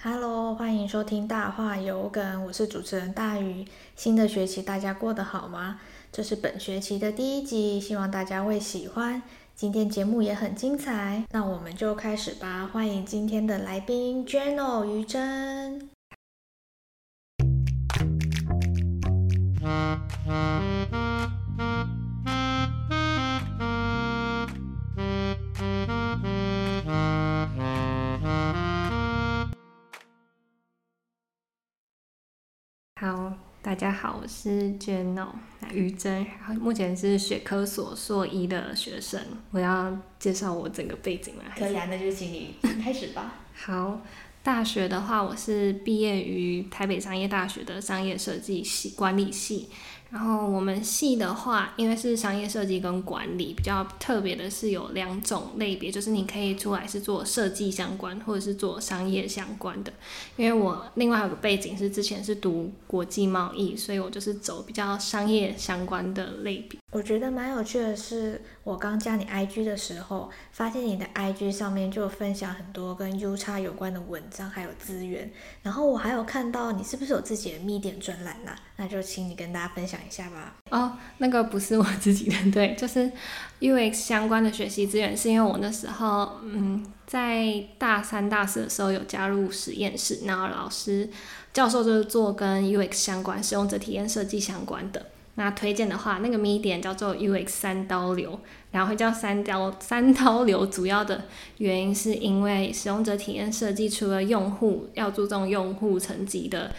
哈嘍歡迎收聽大話有梗，我是主持人大宇。新的學期大家過得好嗎？這是本學期的第一集，希望大家會喜歡。今天節目也很精彩，那我們就開始吧。歡迎今天的來賓 Janel 妤蓁。 好，大家好，我是 Janel，那妤蓁，然後目前是學科所碩一的學生，我要介紹我整個背景了。可以啊，以那就是請你開始吧。好，大學的話，我是畢業於台北商業大學的商業設計系管理系。然後我們系的話，因為是商業設計跟管理，比較特別的是有兩種類別，就是你可以出來是做設計相關，或者是做商業相關的。因為我另外有個背景是之前是讀國際貿易，所以我就是走比較商業相關的類別。我覺得蠻有趣的是，我剛加你 IG 的時候，發現你的 IG 上面就分享很多跟 UX 有關的文章，還有資源。然後我還有看到你是不是有自己的密點專欄啦、啊？那就請你跟大家分享一下吧。哦，那個不是我自己的，對，就是 UX 相關的學習資源，是因為我那時候，嗯，在大三、大四的時候有加入實驗室，然後老師、教授就是做跟 UX 相關、使用者體驗設計相關的。那推薦的話，那個 Medium 叫做 UX 三刀流，然後會叫三刀三刀流。主要的原因是因為使用者體驗設計，除了用戶要注重用戶層級的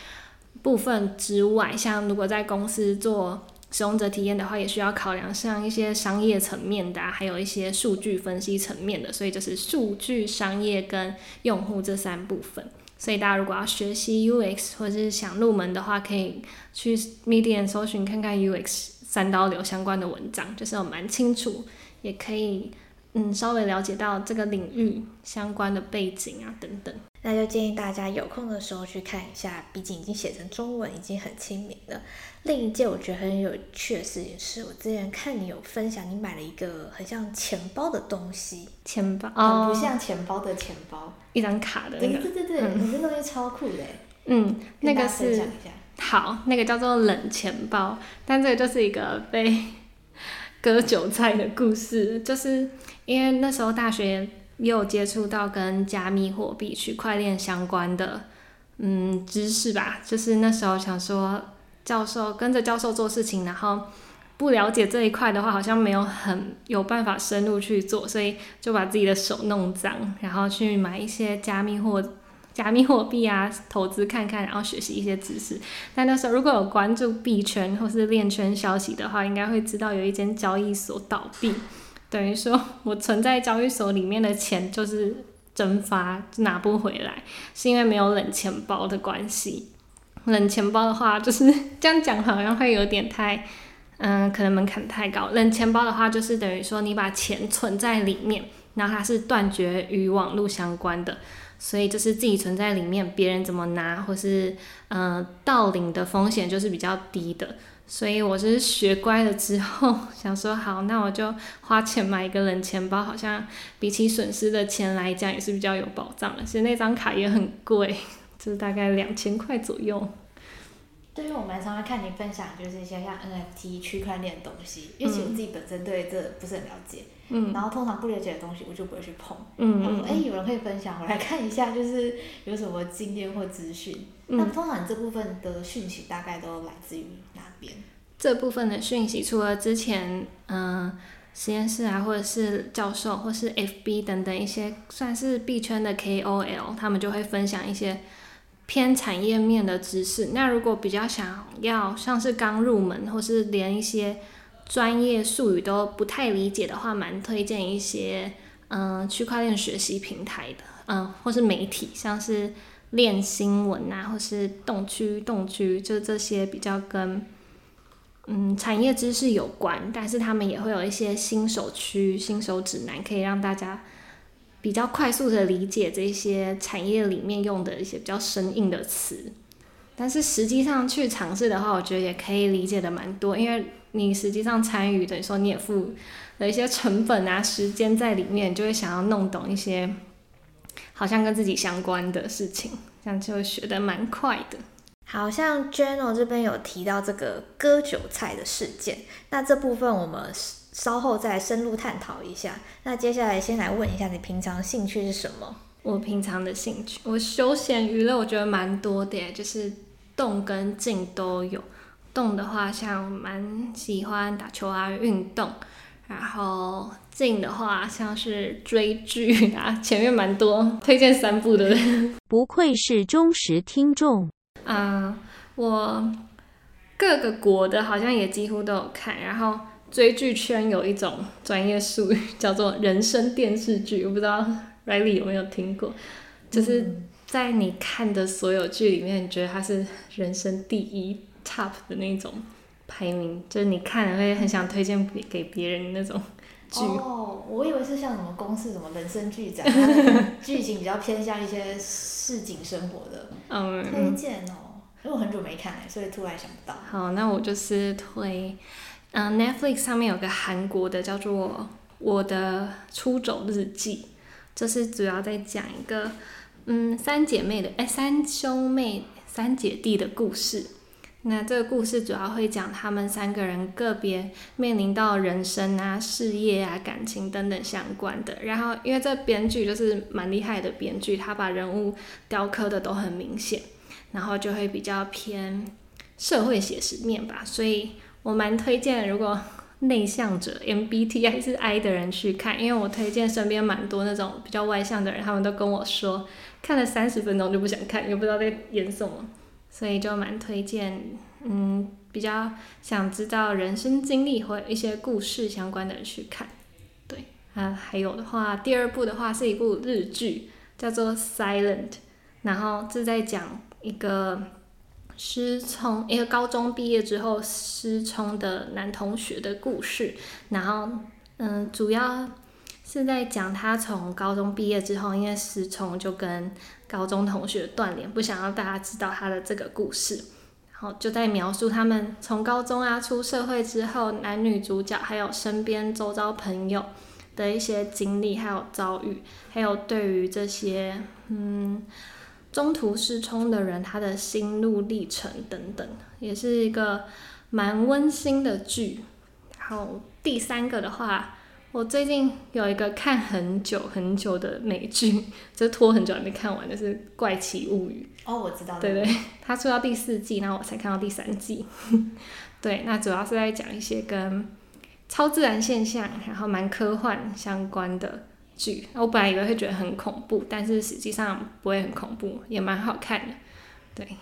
部分之外，像如果在公司做使用者體驗的話，也需要考量像一些商業層面的啊，還有一些數據分析層面的。所以就是數據、商業跟用戶這三部分。所以大家如果要學習 UX 或者是想入門的話，可以去 Medium 搜尋看看 UX 三刀流相關的文章，就是我蠻清楚，也可以。嗯，稍微了解到這個領域相關的背景啊等等，那就建議大家有空的時候去看一下，畢竟已經寫成中文，已經很親民了。另一件我覺得很有趣的事情是，我之前看你有分享，你買了一個很像錢包的東西，錢包啊，很不像錢包的錢包，一張卡的、那個。對對對對，那個東西超酷的。嗯，那個是好，那個叫做冷錢包，但這個就是一個被。割韭菜的故事，就是因為那時候大學也有接觸到跟加密貨幣、區塊鏈相關的嗯知識吧，就是那時候想說教授跟着教授做事情，然後不了解這一塊的話，好像沒有很有辦法深入去做，所以就把自己的手弄髒，然後去買一些加密貨。加密貨幣啊，投資看看，然後學習一些知識。但那時候如果有關注幣圈或是鏈圈消息的話，應該會知道有一間交易所倒閉，等於說我存在交易所裡面的錢就是蒸發，拿不回來，是因為沒有冷錢包的關係。冷錢包的話就是這樣講，好像會有點太，嗯、呃，可能門檻太高。冷錢包的話就是等於說你把錢存在裡面，然後它是斷絕與網絡相關的。所以就是自己存在裡面，別人怎麼拿，或是呃，盜領的風險就是比較低的。所以我是學乖了之後想說，好，那我就花錢買一個冷錢包，好像比起損失的錢來講也是比較有保障的。其實那張卡也很貴，就是大概兩千塊左右。所以我蠻常會看你分享就是一些像 N F T 區塊鏈的東西，因為、嗯、其實我自己本身對這不是很了解，嗯、然後通常不了解的東西我就不會去碰，嗯，然後哎有人會分享我來看一下，就是有什麼經驗或資訊，嗯、那通常這部分的訊息大概都來自於哪邊？這部分的訊息除了之前嗯、呃、實驗室啊或者是教授或是 F B 等等一些算是幣圈的 K O L，他們就會分享一些。偏產業面的知識，那如果比較想要像是剛入門或是連一些專業術語都不太理解的話，蠻推薦一些嗯區塊鏈學習平台的，嗯、呃、或是媒體，像是鏈新聞啊或是動區動區，就這些比較跟嗯產業知識有關，但是他們也會有一些新手區新手指南，可以讓大家。比較快速的理解這些產業裡面用的一些比較生硬的詞，但是實際上去嘗試的話，我覺得也可以理解的蠻多，因為你實際上參與，等於說你也付了一些成本啊、時間在裡面，就會想要弄懂一些好像跟自己相關的事情，這樣就學的蠻快的。好像 Janel 這邊有提到這個割韭菜的事件，那這部分我們。稍後再深入探討一下。那接下來先來問一下你平常興趣是什麼？我平常的興趣，我休閒娛樂我覺得蠻多的，就是動跟靜都有。動的話，像蠻喜歡打球啊，運動；然後靜的話，像是追劇啊，前面蠻多，推薦三部的人。不愧是忠實聽眾。嗯，uh, 我各個國的好像也幾乎都有看，然後。追劇圈有一種專業術語叫做“人生電視劇”，我不知道 Riley 有沒有聽過，就是在你看的所有劇裡面，你覺得它是人生第一 top 的那種排名，就是你看了會很想推薦給別人那種劇。哦，oh, 我以為是像什麼公視什麼人生劇展，劇情比較偏向一些市井生活的。嗯， um, 推薦哦、喔，因為我很久沒看，所以突然想不到。好，那我就是推。嗯、uh，Netflix 上面有個韓國的叫做《我的出走日記》，就是主要在講一個嗯三姐妹的哎三兄妹三姐弟的故事。那這個故事主要會講他們三個人個別面臨到人生啊、事業啊、感情等等相關的。然後因為這編劇就是蠻厲害的編劇，他把人物雕刻的都很明顯，然後就會比較偏社會寫實面吧，所以。我蠻推薦如果內向者 MBTI 是 I 的人去看，因為我推薦身邊蠻多那種比較外向的人，他們都跟我說看了三十分鐘就不想看，又不知道在演什麼，所以就蠻推薦，嗯，比較想知道人生經歷或一些故事相關的人去看。對，啊，還有的話，第二部的話是一部日劇，叫做《Silent》，然後這在講一個。失聰，一個高中畢業之後失聰的男同學的故事，然後，嗯，主要是在講他從高中畢業之後，因為失聰就跟高中同學斷聯，不想讓大家知道他的這個故事，然後就在描述他們從高中啊出社會之後，男女主角還有身邊周遭朋友的一些經歷還有遭遇，還有對於這些，嗯。中途失聰的人，他的心路歷程等等，也是一個蠻溫馨的劇。然後第三個的話，我最近有一個看很久很久的美劇，就是、拖很久還沒看完，就是《怪奇物語》。哦，我知道了。對對，他出到第四季，然後我才看到第三季。 對，那主要是在講一些跟超自然現象，然後蠻科幻相關的。我本來以為會覺得很恐怖，但是實際上不會很恐怖，也蠻好看的。對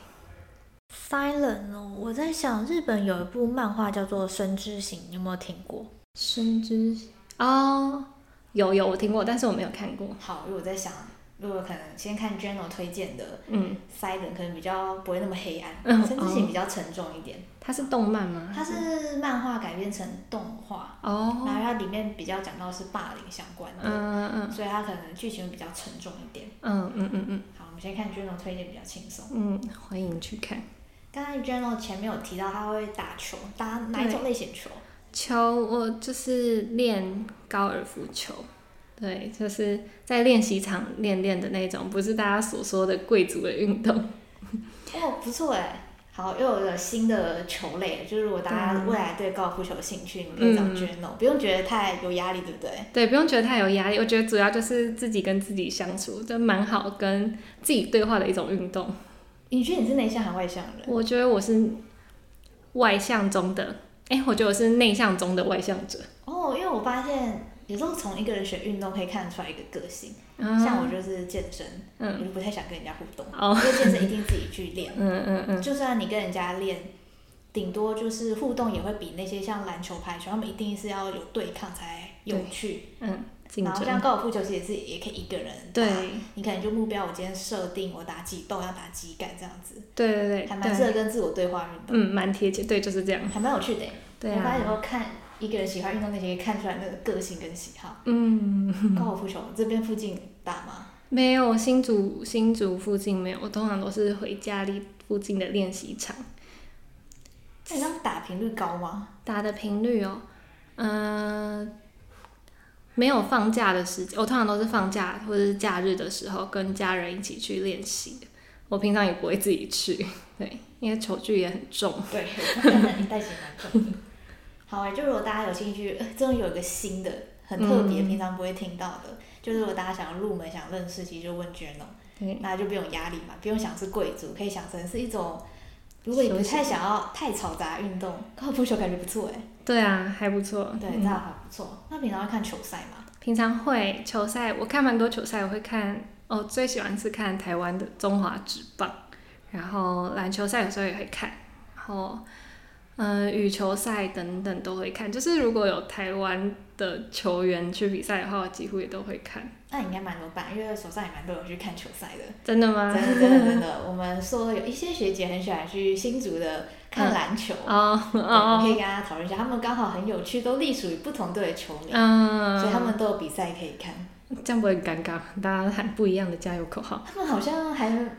，Silent，哦，我在想日本有一部漫畫叫做《聲之形》，有沒有聽過？聲之形哦、oh,，有有我聽過，但是我沒有看過。好，因為我在想，如果可能先看 Janel 推薦的，嗯，Silent 可能比較不會那麼黑暗，嗯、聲之形比較沉重一點。嗯哦、它是動漫嗎？它是漫畫改編成動畫。嗯、哦。它裡面比較講到是霸凌相關的，嗯、所以它可能劇情會比較沉重一點。嗯嗯嗯嗯。嗯嗯嗯好，我們先看 Janel 推薦比較輕鬆。嗯，歡迎去看。剛才 Janel 前面有提到他會打球，打哪一種類型球？球，我就是練高爾夫球，對，就是在練習場練練的那種，不是大家所說的貴族的運動。哦，不錯哎。.好，又有了新的球類，就是如果大家未來對高爾夫球有興趣，嗯、你可以找 Janel，、嗯、不用覺得太有壓力，對不對？對，不用覺得太有壓力。我覺得主要就是自己跟自己相處，就蠻好，跟自己對話的一種運動。你覺得你是內向還外向人？我覺得我是外向中的，哎、欸，我覺得我是內向中的外向者。哦，因為我發現。有時候從一個人選運動可以看得出來一個個性，嗯、像我就是健身，嗯、我就不太想跟人家互動，哦、因為健身一定自己去練，嗯嗯嗯、就算你跟人家練，頂多就是互動也會比那些像籃球、排球，他們一定是要有對抗才有趣，嗯，然後像高爾夫球其實也是也可以一個人，對，你可能就目標我今天設定我打幾洞，要打幾桿這樣子，對對對，還蠻適合跟自我對話運動，對，嗯，蠻貼切，對，就是這樣，還蠻有趣的、欸，對啊，以後看一個人喜歡運動，那些看出來的那個個性跟喜好。嗯，高爾夫球這邊附近打嗎？沒有，新竹新竹附近沒有。我通常都是回家裡附近的練習場。這樣、欸、打頻率高嗎？打的頻率哦，嗯、呃，沒有放假的時間。我通常都是放假或者是假日的時候跟家人一起去練習。我平常也不會自己去，對，因為球具也很重。對，對 好哎、欸，就如果大家有興趣，終、呃、於有一個新的、很特別、平常不會聽到的，嗯、就是如果大家想要入門、想認識，其實就問 Janel 囉、嗯、那就不用壓力嘛，不用想是貴族，可以想成是一種。如果你不太太想要太嘈雜的運動，高爾夫球感覺不錯哎、欸。對啊，還不錯。對，那還不錯。嗯、那平常會看球賽嗎？平常會球賽，我看蠻多球賽，我會看哦，最喜歡是看台灣的中華職棒，然後籃球賽有時候也會看，然後。嗯，羽、呃、球賽等等都會看，就是如果有台灣的球員去比賽的話，幾乎也都會看。那、啊、應該蠻多吧？因為手上也蠻多人去看球賽的。真的嗎？真的真的真的。我們說有一些學姐很喜歡去新竹的看籃球哦哦、嗯，可以跟大家討論一下，他們剛好很有趣，都隸屬於不同隊的球迷，嗯、所以他們都有比賽可以看。這樣不會很尷尬？大家喊不一樣的加油口號。他們好像還。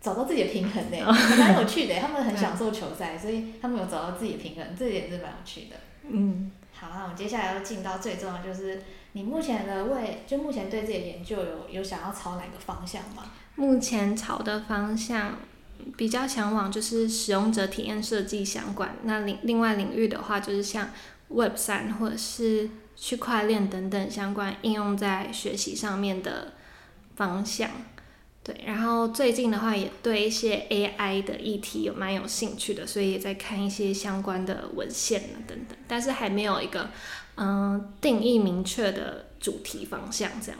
找到自己的平衡嘞、欸，蠻有趣的、欸。 他們很享受球賽，對所以他們有找到自己的平衡，這點是蠻有趣的。嗯，好，那我們接下來要進到最重要的，就是你目前的為就目前對自己的研究有有想要朝哪個方向嗎？目前朝的方向比較想往就是使用者體驗設計相關，嗯、那另另外領域的話，就是像 Web 三或者是區塊鏈等等相關應用在學習上面的方向。對，然後最近的話也對一些 AI 的議題有蠻有興趣的，所以也在看一些相關的文獻啊等等，但是還沒有一個嗯、呃、定義明確的主題方向這樣。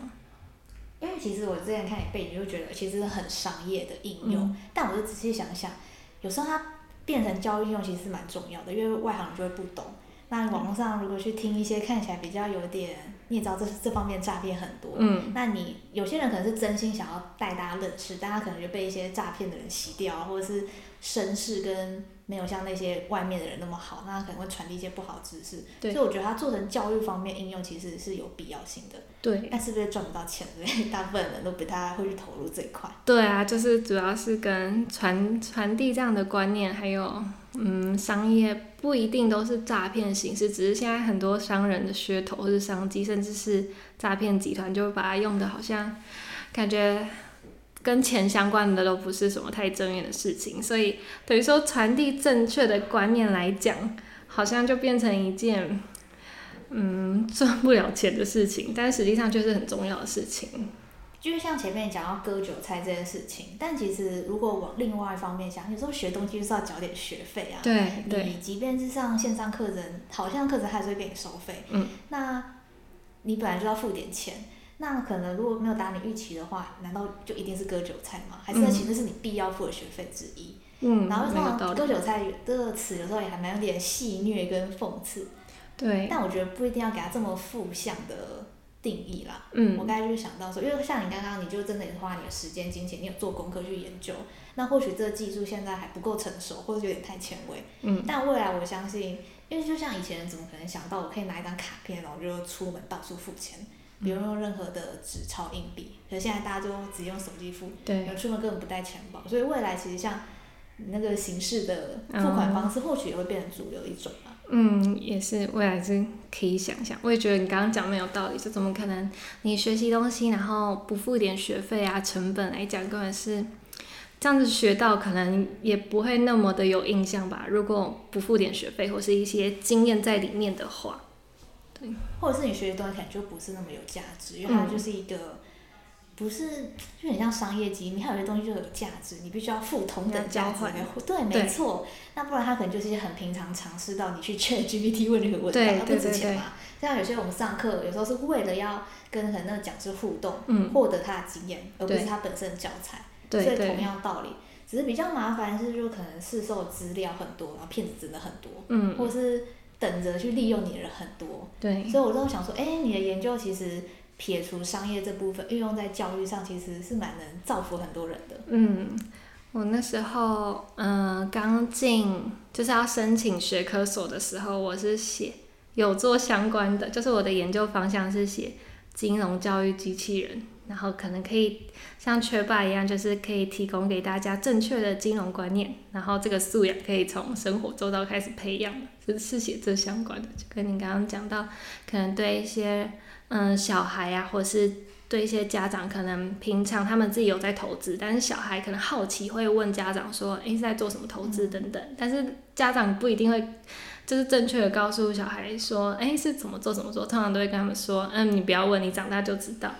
因為其實我之前看你背景就覺得其實很商業的應用，嗯、但我就仔細想想，有時候它變成交易應用其實是蠻重要的，因為外行人就會不懂。那網絡上如果去聽一些，嗯、看起來比較有點，你也知道這這方面詐騙很多，嗯、那你有些人可能是真心想要帶大家認識，但他可能就被一些詐騙的人洗掉，或者是。紳士跟沒有像那些外面的人那麼好，那可能會傳遞一些不好的知識，對所以我覺得它做成教育方面應用其實是有必要性的。對，但是這賺不到錢呢？大部分人都不太會去投入這一塊。對啊，就是主要是跟傳傳遞這樣的觀念，還有嗯，商業不一定都是詐騙形式，只是現在很多商人的噱頭或是商機，甚至是詐騙集團就把它用的好像、嗯、感覺。跟錢相關的都不是什麼太正面的事情，所以等於說傳遞正確的觀念來講，好像就變成一件嗯賺不了錢的事情，但實際上就是很重要的事情。就是像前面講到割韭菜這件事情，但其實如果往另外一方面想，有時候學東西就是要繳點學費啊。對對。對你即便是上線上課程，好像課程還是會給你收費。嗯。那你本來就要付點錢。那可能如果沒有達你預期的話，難道就一定是割韭菜嗎？還是那其實是你必要付的學費之一？嗯，然後那麼割韭菜這個詞有時候也還蠻有點戲謔跟諷刺。對，但我覺得不一定要給它這麼負向的定義啦。嗯，我剛才就是想到說，因為像你剛剛，你就真的也花你的時間、金錢，你有做功課去研究。那或許這個技術現在還不夠成熟，或者有點太前衛。嗯，但未來我相信，因為就像以前怎麼可能想到我可以拿一張卡片，然後就出門到處付錢？不用用任何的紙鈔硬幣，可是現在大家都只用手機付，對，有出門根本不帶錢包，所以未來其實像那個形式的付款方式，或許也會變成主流一種嘛。Oh, 嗯，也是，未來是可以想想。我也覺得你剛剛講沒有道理，就怎麼可能你學習東西，然後不付一點學費啊，成本來講，根本是這樣子學到可能也不會那麼的有印象吧？如果不付點學費或是一些經驗在裡面的話。或者是你學的東西可能就不是那麼有價值，因為它就是一個不是就很像商業機密。你還有些東西就有價值，你必須要付同等價值交。對，對沒錯。那不然它可能就是一些很平常，嘗試到你去 ChatGPT 問這個問，那不值錢嘛？像有些我們上課有時候是為了要跟很多講師互動，獲、嗯、得他的經驗，而不是他本身的教材。對所以同樣道理，對對對只是比較麻煩是，就可能市售資料很多，然後騙子真的很多，嗯，或者是。等着去利用你的人很多，對，所以我就想說，誒，你的研究其實撇除商業這部分，運用在教育上，其實是蠻能造福很多人的。嗯，我那時候嗯，呃，剛進就是要申請學科所的時候，我是寫有做相關的，就是我的研究方向是寫金融教育機器人。然後可能可以像缺霸一樣，就是可以提供給大家正確的金融觀念。然後這個素養可以從生活周遭開始培養，就是息息相關的。就跟你剛剛講到，可能對一些嗯、呃、小孩呀、啊，或是對一些家長，可能平常他們自己有在投資，但是小孩可能好奇會問家長說誒：“是在做什麼投資等等？”但是家長不一定會就是正確的告訴小孩說：“誒，是怎麼做怎麼做。”通常都會跟他們說：“嗯，你不要問，你長大就知道。”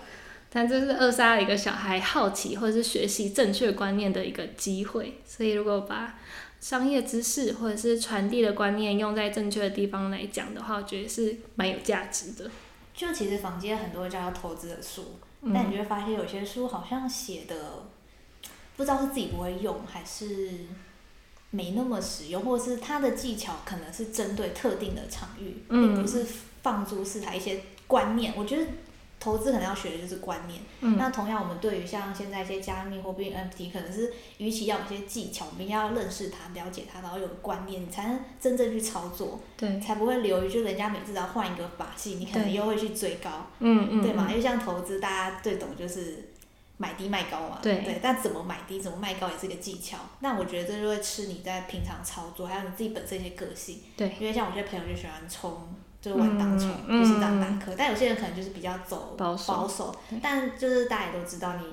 但這是扼殺了一個小孩好奇或者是學習正確觀念的一個機會，所以如果把商業知識或者是傳遞的觀念用在正確的地方來講的話，我覺得是蠻有價值的。就其實坊間很多教投資的書，嗯、但你就會發現有些書好像寫的不知道是自己不會用，還是沒那麼實用，或者是他的技巧可能是針對特定的場域，並不是放諸四海一些觀念，我覺得。投資可能要學的就是觀念，嗯，那同樣我們對於像現在一些加密貨幣、NFT，可能是與其要有些技巧，我們要認識它、了解它，然後有個觀念，你才能真正去操作，對，才不會流於就人家每次都要換一個把戲，你可能又會去追高，對，對嗎？嗯，對嘛？因為像投資，大家最懂就是買低賣高嘛，對，對，但怎麼買低、怎麼賣高也是一個技巧。那我覺得這就會吃你在平常操作，還有你自己本身一些個性，對，因為像我這些朋友就喜歡衝。就是玩當沖，嗯嗯、就是當打科。但有些人可能就是比較走保守，保守，但就是大家也都知道，你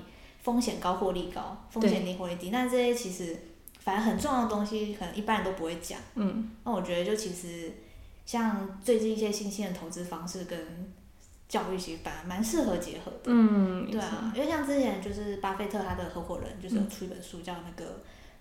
風險高，獲利高；風險低，獲利低。那這些其實，反正很重要的東西，可能一般人都不會講。嗯，那我覺得就其實，像最近一些新興的投資方式跟教育其實反而蠻適合結合的。嗯，對啊，是因為像之前就是巴菲特他的合夥人，就是有出一本書叫那個。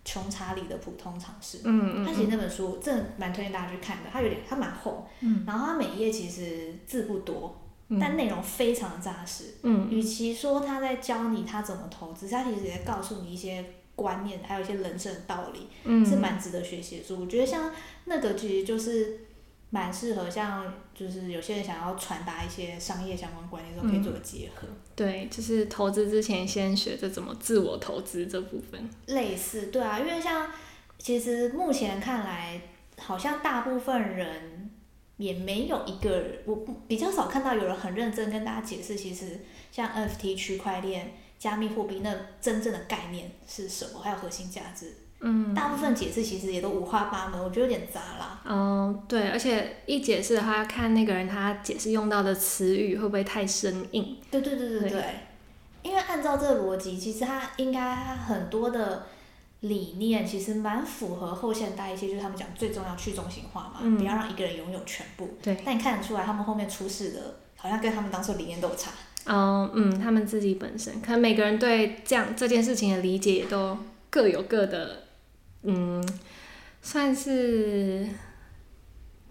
窮查理的普通常識，嗯，嗯，他其實那本書真的蠻推薦大家去看的，他有點他蠻厚，嗯，然後他每一頁其實字不多，嗯，但內容非常紮實，嗯，與其說他在教你他怎麼投資，嗯，他其實也在告訴你一些觀念，還有一些人生的道理，嗯，是蠻值得學習的書。我覺得像那個其實就是。蠻適合像，就是有些人想要傳達一些商業相關觀念的時候，可以做個結合。對，就是投資之前先學着怎麼自我投資這部分。類似，對啊，因為像，其實目前看來，好像大部分人也沒有一個，我比較少看到有人很認真跟大家解釋，其實像 NFT 區塊鏈、加密貨幣那真正的概念是什麼，還有核心價值。嗯，大部分解釋其實也都五花八門，我覺得有點雜啦。嗯，對，而且一解釋的話，看那個人他解釋用到的詞語會不會太生硬？對對對對對。對。因為按照這個邏輯，其實他應該很多的理念其實蠻符合後現代一些，就是他們講最重要的去中心化嘛，嗯，不要讓一個人擁有全部。對。但你看得出來，他們後面出事的，好像跟他們當初理念都有差。嗯嗯，嗯他們自己本身可能每個人對這樣這件事情的理解也都各有各的。嗯，算是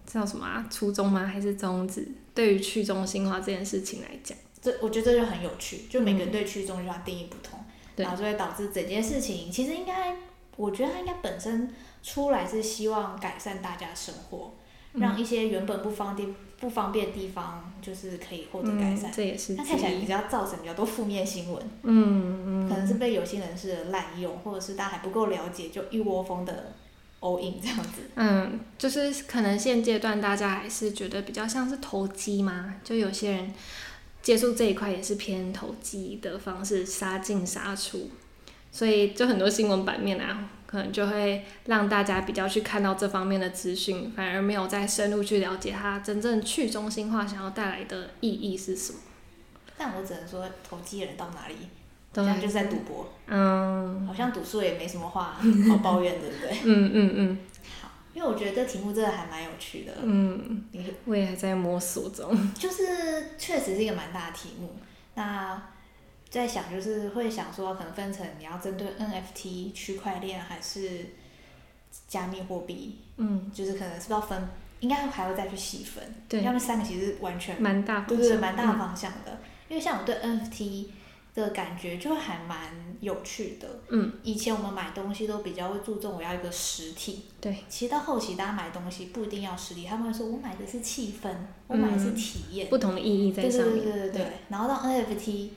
叫什麼啊？初衷嗎？還是宗旨？對於去中心化這件事情來講，這我覺得這就很有趣。就每個人對去中心化定義不同，嗯、然後就會導致整件事情。其實應該，我覺得它應該本身出來是希望改善大家生活。讓一些原本不方便、嗯、不方便的地方，就是可以獲得改善。嗯、這也是。但看起來比較造成比較多負面新聞。嗯嗯。嗯，可能是被有心人士濫用，或者是大家還不夠了解，就一窩蜂的 all in 這樣子。嗯，就是可能現階段大家還是覺得比較像是投機嘛，就有些人接觸這一塊也是偏投機的方式，殺進殺出，所以就很多新聞版面啊。可能就會讓大家比較去看到這方面的資訊，反而沒有再深入去了解它真正去中心化想要帶來的意義是什麼。但我只能說，投機人到哪裡，都對就是在賭博。嗯。好像賭輸也沒什麼話好抱怨， 對不對？嗯嗯嗯。嗯嗯好，因為我覺得這題目真的還蠻有趣的。嗯。你我也還在摸索中。就是確實是一個蠻大的題目。那。在想，就是會想說，可能分成你要針對 NFT 區塊鏈還是加密貨幣，嗯，就是可能是不是要分，應該還會再去細分。對，他們三個其實完全蠻大，對，蠻大方向的。嗯、因為像我對 NFT 的感覺，就還蠻有趣的。嗯，以前我們買東西都比較會注重我要一個實體，對，其實到後期大家買東西不一定要實體，他們會說我買的是氣氛，嗯、我買的是體驗，不同的意義在上面，對對，對對對。對，然後到 NFT。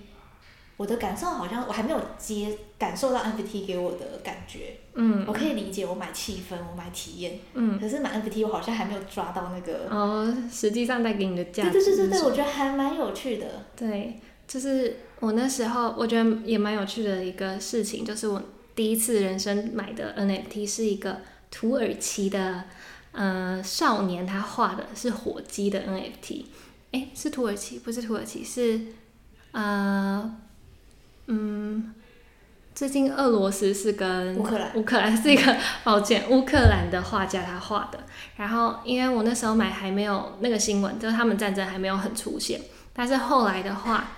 我的感受，好像我還沒有接感受到 NFT 給我的感覺，嗯，我可以理解我買氣氛，我買體驗，嗯，可是買 NFT 我好像還沒有抓到那個哦，實際上帶給你的價值是什麼？對對對對對，我覺得還蠻有趣的。對，就是我那時候我覺得也蠻有趣的一個事情，就是我第一次人生買的 NFT 是一個土耳其的呃少年，他畫的是火雞的 NFT，欸，是土耳其？不是土耳其是呃。嗯，最近俄羅斯是跟烏克蘭，烏克蘭是一個，抱歉，烏克蘭的畫家他畫的。然後因為我那時候買還沒有那個新聞，就是他們戰爭還沒有很出現。但是後來的話，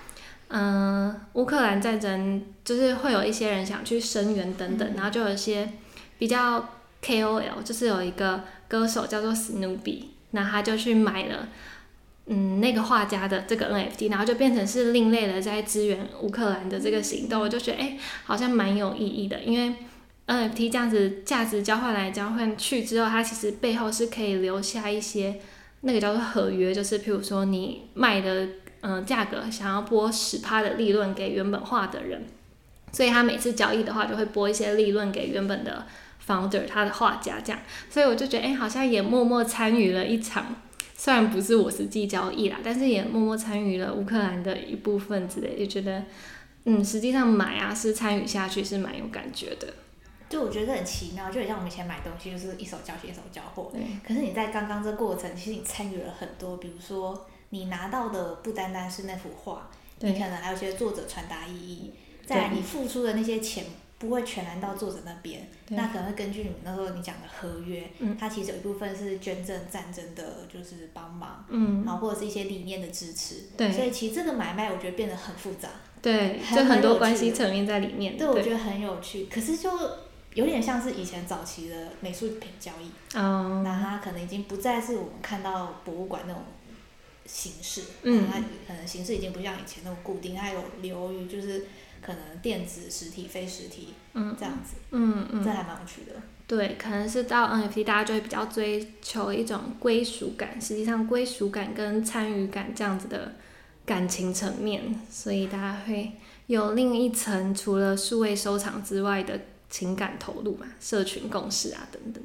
嗯、呃，烏克蘭戰爭就是會有一些人想去聲援等等，嗯、然後就有一些比較 KOL，就是有一個歌手叫做史努比，那他就去買了。嗯，那個畫家的這個 NFT，然後就變成是另類的在支援烏克蘭的這個行動，我就覺得哎、欸，好像蠻有意義的。因為 NFT 這樣子價值交換來交換去之後，它其實背後是可以留下一些那個叫做合約，就是譬如說你賣的嗯呃、價格想要撥十趴的利潤給原本畫的人，所以他每次交易的話就會撥一些利潤給原本的 founder 他的畫家這樣，所以我就覺得哎、欸，好像也默默參與了一場。雖然不是我實際交易啦，但是也默默參與了烏克蘭的一部分之類，也覺得，嗯，實際上買啊是參與下去是蠻有感覺的。對，就我覺得很奇妙，就很像我們以前買東西，就是一手交錢一手交貨。對。可是你在剛剛這過程，其實你參與了很多，比如說你拿到的不單單是那幅畫，對你可能還有些作者傳達意義，在你付出的那些錢。不會全然到作者那邊，對那可能會根據你們那時候你講的合約，嗯、它其實有一部分是捐贈戰爭的，就是幫忙，嗯，然後或者是一些理念的支持，對，所以其實這個買賣我覺得變得很複雜，對，很就很多關係層面在裡面，對，對我覺得很有趣，可是就有點像是以前早期的美術品交易，嗯、那它可能已經不再是我們看到博物館那種形式，嗯，它可能形式已經不像以前那麼固定，它有流於就是。可能電子、實體、非實體，嗯，這樣子，嗯嗯，嗯這還蠻有趣的。對，可能是到 NFT，大家就會比較追求一種歸屬感。實際上，歸屬感跟參與感這樣子的感情層面，所以大家會有另一層，除了數位收藏之外的情感投入嘛，社群共識啊等等。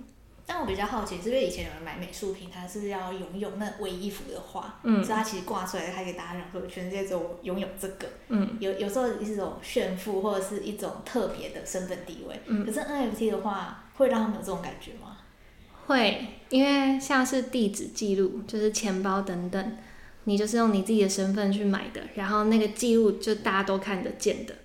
但我比較好奇，是不是以前有人買美術品，他是要擁有那唯一一幅的畫，嗯、所以他其實掛出來，他給大家講說全世界只有我擁有這個。嗯、有有時候是一種炫富，或者是一種特別的身份地位。嗯、可是 NFT 的話，會讓他們有這種感覺嗎？會，因為像是地址記錄，就是錢包等等，你就是用你自己的身份去買的，然後那個記錄就大家都看得見的，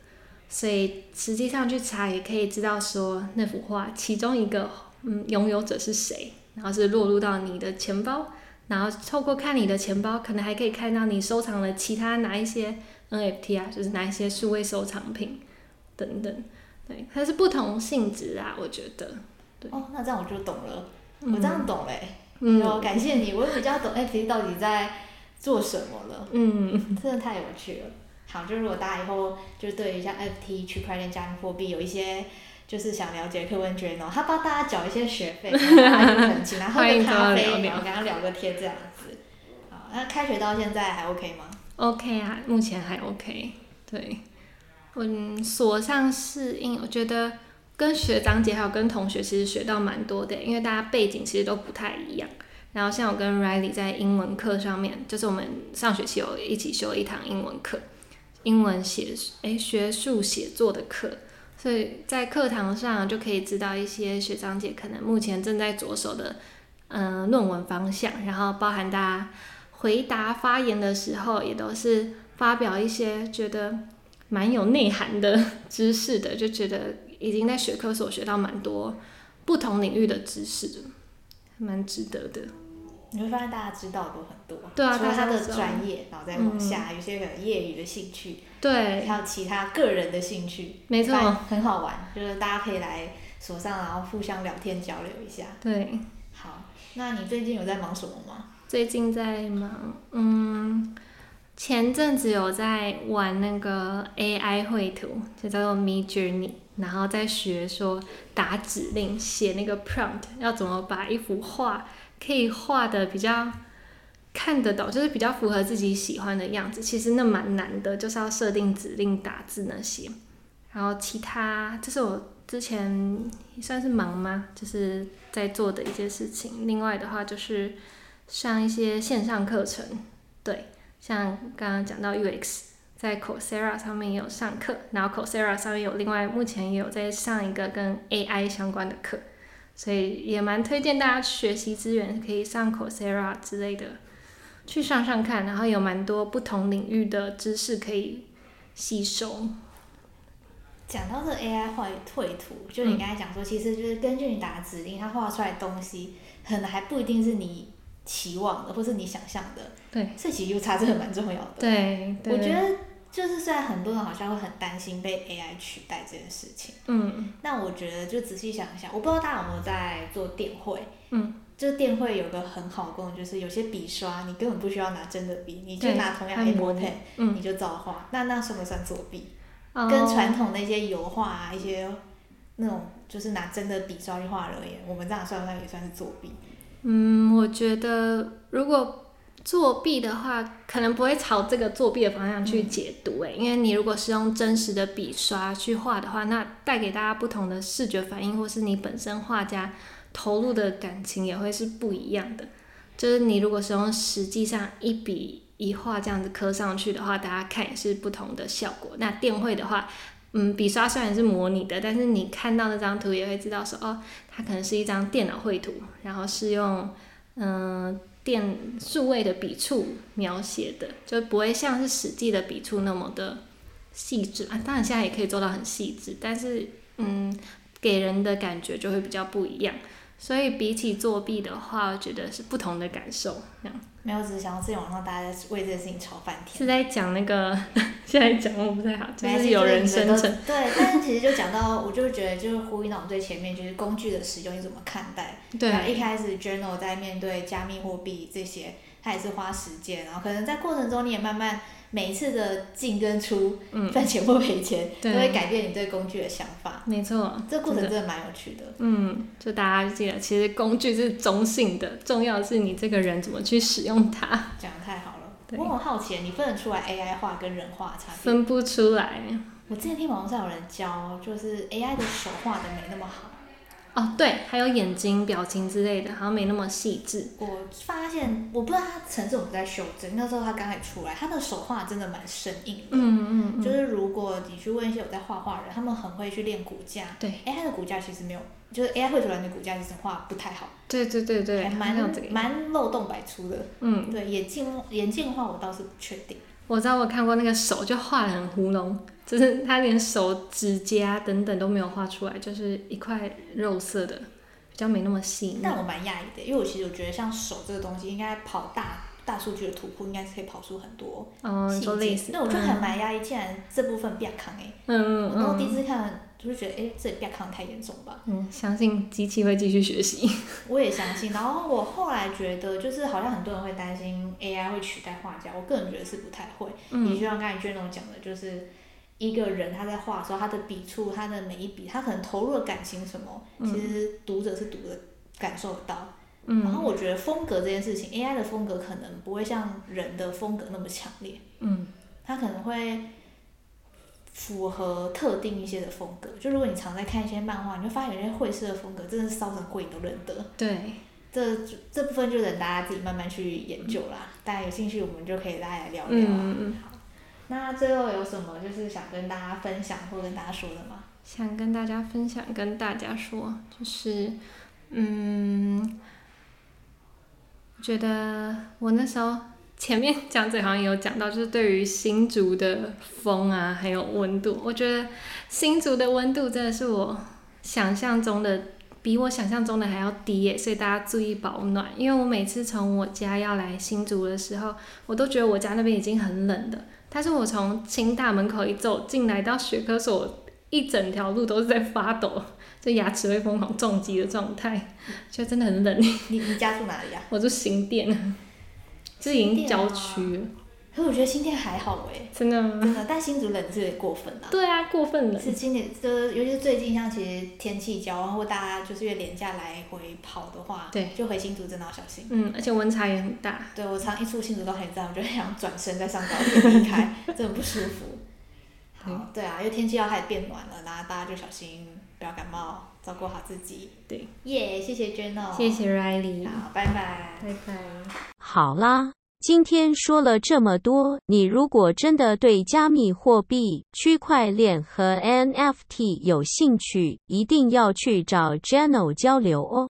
所以實際上去查也可以知道說那幅畫其中一個，嗯，擁有者是誰？然後是落入到你的錢包，然後透過看你的錢包，可能還可以看到你收藏了其他哪一些 NFT 啊，就是哪一些數位收藏品等等。對，它是不同性質啊，我覺得。對哦，那這樣我就懂了，嗯、我這樣懂哎，要、嗯、感謝你，我也比較懂 NFT 到底在做什麼了。嗯、哦，真的太有趣了。嗯、好，就是如果大家以後就是對於像 NFT 區塊鏈加密貨幣有一些就是想了解科文 Janel 哦，他幫大家繳一些學費，然後成績，然後喝個咖啡， 聊跟他聊個天這樣子。那開學到現在還 OK 嗎？OK 啊，目前還 OK。對，嗯，所上適應，我覺得跟學長姐還有跟同學其實學到蠻多的，因為大家背景其實都不太一樣。然後像我跟 Riley 在英文課上面，就是我們上學期有一起修一堂英文課，英文寫誒、欸、學術寫作的課。所以在課堂上就可以知道一些學長姐可能目前正在着手的，嗯、呃，論文方向。然後包含大家回答發言的時候，也都是發表一些覺得蠻有內涵的知識的，就覺得已經在學科所學到蠻多不同領域的知識，蠻值得的。你會發現大家知道的都很多，對啊、除了他的專業，然後再往下，嗯、有些很業餘的興趣，對，還有其他個人的興趣，沒錯，很好玩，就是大家可以來鎖上，然後互相聊天交流一下。對，好，那你最近有在忙什麼嗎？最近在忙，嗯，前陣子有在玩那個 AI 繪圖，就叫做 Midjourney，然後在學說打指令，寫那個 prompt，要怎麼把一幅畫。可以畫的比較看得懂，就是比較符合自己喜歡的樣子。其實那蠻難的，就是要設定指令、打字那些。然後其他，這、就是我之前算是忙嗎？就是在做的一件事情。另外的話，就是上一些線上課程。對，像剛剛講到 UX，在 Coursera 上面也有上課，然後 Coursera 上面有另外，目前也有在上一個跟 AI 相關的課。所以也蠻推薦大家學習資源，可以上 Coursera 之類的去上上看，然後有蠻多不同領域的知識可以吸收。講到這個 AI 畫退圖，就你剛才講說，嗯，其實就是根據你打的指令，它畫出來的東西可能還不一定是你期望的，或是你想象的。對，這其實就差真的蠻重要的。對，對，我覺得。就是在很多人好像會很擔心被 AI 取代這件事情，嗯，那我覺得就仔細想一想，我不知道大家有沒有在做電繪，嗯，就是電繪有個很好的功能，就是有些筆刷你根本不需要拿真的筆，你就拿同樣 Apple Pen，嗯，你就照畫，嗯，那那算不算作弊？哦，跟傳統那些油畫啊一些那種就是拿真的筆刷去畫而言，我們這樣算不算也算是作弊？嗯，我覺得如果。作弊的話，可能不會朝這個作弊的方向去解讀欸，嗯，因為你如果是用真實的筆刷去畫的話，那帶給大家不同的視覺反應，或是你本身畫家投入的感情也會是不一樣的。就是你如果是用實際上一筆一畫這樣子刻上去的話，大家看也是不同的效果。那電繪的話，嗯，筆刷雖然是模擬的，但是你看到那張圖也會知道說，哦，它可能是一張電腦繪圖，然後是用。嗯、呃，電數位的筆觸描寫的，就不會像是實際的筆觸那麼的細緻啊。當然現在也可以做到很細緻，但是嗯，給人的感覺就會比較不一樣。所以比起作弊的話，我覺得是不同的感受。嗯沒有，只是想到最近網上大家為這件事情吵半天。是在講那個，現在講的我不太好，嗯、就是有人生成、嗯。對，但是其實就講到， 我就覺得就是呼應到我們最前面，就是工具的使用你怎麼看待。對。一開始 General 在面對加密貨幣這些，他也是花時間，然後可能在過程中你也慢慢。每一次的進跟出，嗯，賺錢或賠錢，都會改變你對工具的想法。沒錯錯，這過程真的蠻有趣的，的。嗯，就大家記得，其實工具是中性的，重要的是你這個人怎麼去使用它。講得太好了，對我很好奇，你分得出來 AI 畫跟人畫差別？分不出來。我之前聽網絡上有人教，就是 AI 的手畫的沒那麼好。哦，oh, 對，還有眼睛、表情之類的，好像沒那麼細緻。我發現，我不知道他陳志武在修整，那時候他剛才出來，他的手畫真的蠻生硬的。嗯嗯嗯，嗯嗯，就是如果你去問一些有在畫畫的人，他們很會去練骨架。對 a 他的骨架其實沒有，就是 AI 繪出來的骨架其實畫不太好。對對對對，還蠻、這個、蠻漏洞百出的。嗯，對，眼睛，眼睛的話，我倒是不確定。我知道我看過那個手就畫得很糊弄，就是他連手指甲等等都沒有畫出來，就是一塊肉色的，比較沒那麼細膩。但我蠻訝異的，因為我其實我覺得像手這個東西，應該跑大大數據的圖庫應該是可以跑出很多細節。那、嗯嗯、我真的還蠻訝異，竟然這部分比較坑哎。嗯嗯。那我第一次看，就覺得哎，這也不要看的太嚴重吧。嗯，相信機器會繼續學習。我也相信。然後我後來覺得，就是好像很多人會擔心 AI 會取代畫家，我個人覺得是不太會。你、嗯，就像剛才 Janel 講的，就是一個人他在畫的時候，他的筆觸、他的每一筆，他可能投入的感情什麼，嗯，其實讀者是讀的感受得到。嗯，然後我覺得風格這件事情，AI 的風格可能不會像人的風格那麼強烈。嗯。他可能會。符合特定一些的風格，就如果你常在看一些漫畫，你就發現有些繪師的風格，真的是燒成灰你都認得。對，這這部分就等大家自己慢慢去研究啦。嗯、大家有興趣，我們就可以大家來聊聊，啊、嗯好，那最後有什麼就是想跟大家分享或跟大家說的嗎？想跟大家分享，跟大家說，就是，嗯，我覺得我那時候。前面講嘴好像有講到，就是對於新竹的風啊，還有溫度，我覺得新竹的溫度真的是我想象中的，比我想象中的還要低耶，所以大家注意保暖。因為我每次從我家要來新竹的時候，我都覺得我家那邊已經很冷的，但是我從清大門口一走進來到學科所，一整條路都是在發抖，就牙齒會瘋狂撞擊的狀態，就真的很冷。你你家住哪裡呀？我住新店。是、啊、已經郊區，可是我覺得今天還好哎、欸，真的真的，但新竹冷是有點過分啦、啊。對啊，過分冷。是新年就尤其是最近像其實天氣焦，然後大家就是越連假來回跑的話，對就回新竹真的要小心。嗯，而且溫差也很大。對，我常一出新竹都很熱，我就很想轉身再上高鐵離開， 真的不舒服。好，對啊，因為天氣要開始變暖了，然後大家就小心不要感冒。照顧好自己，對。耶，yeah, 謝謝 Janel 謝謝 Riley，好，拜拜，拜拜 bye。好啦，今天說了這麼多，你如果真的對加密貨幣、區塊鏈和 NFT 有興趣，一定要去找 Janel 交流哦。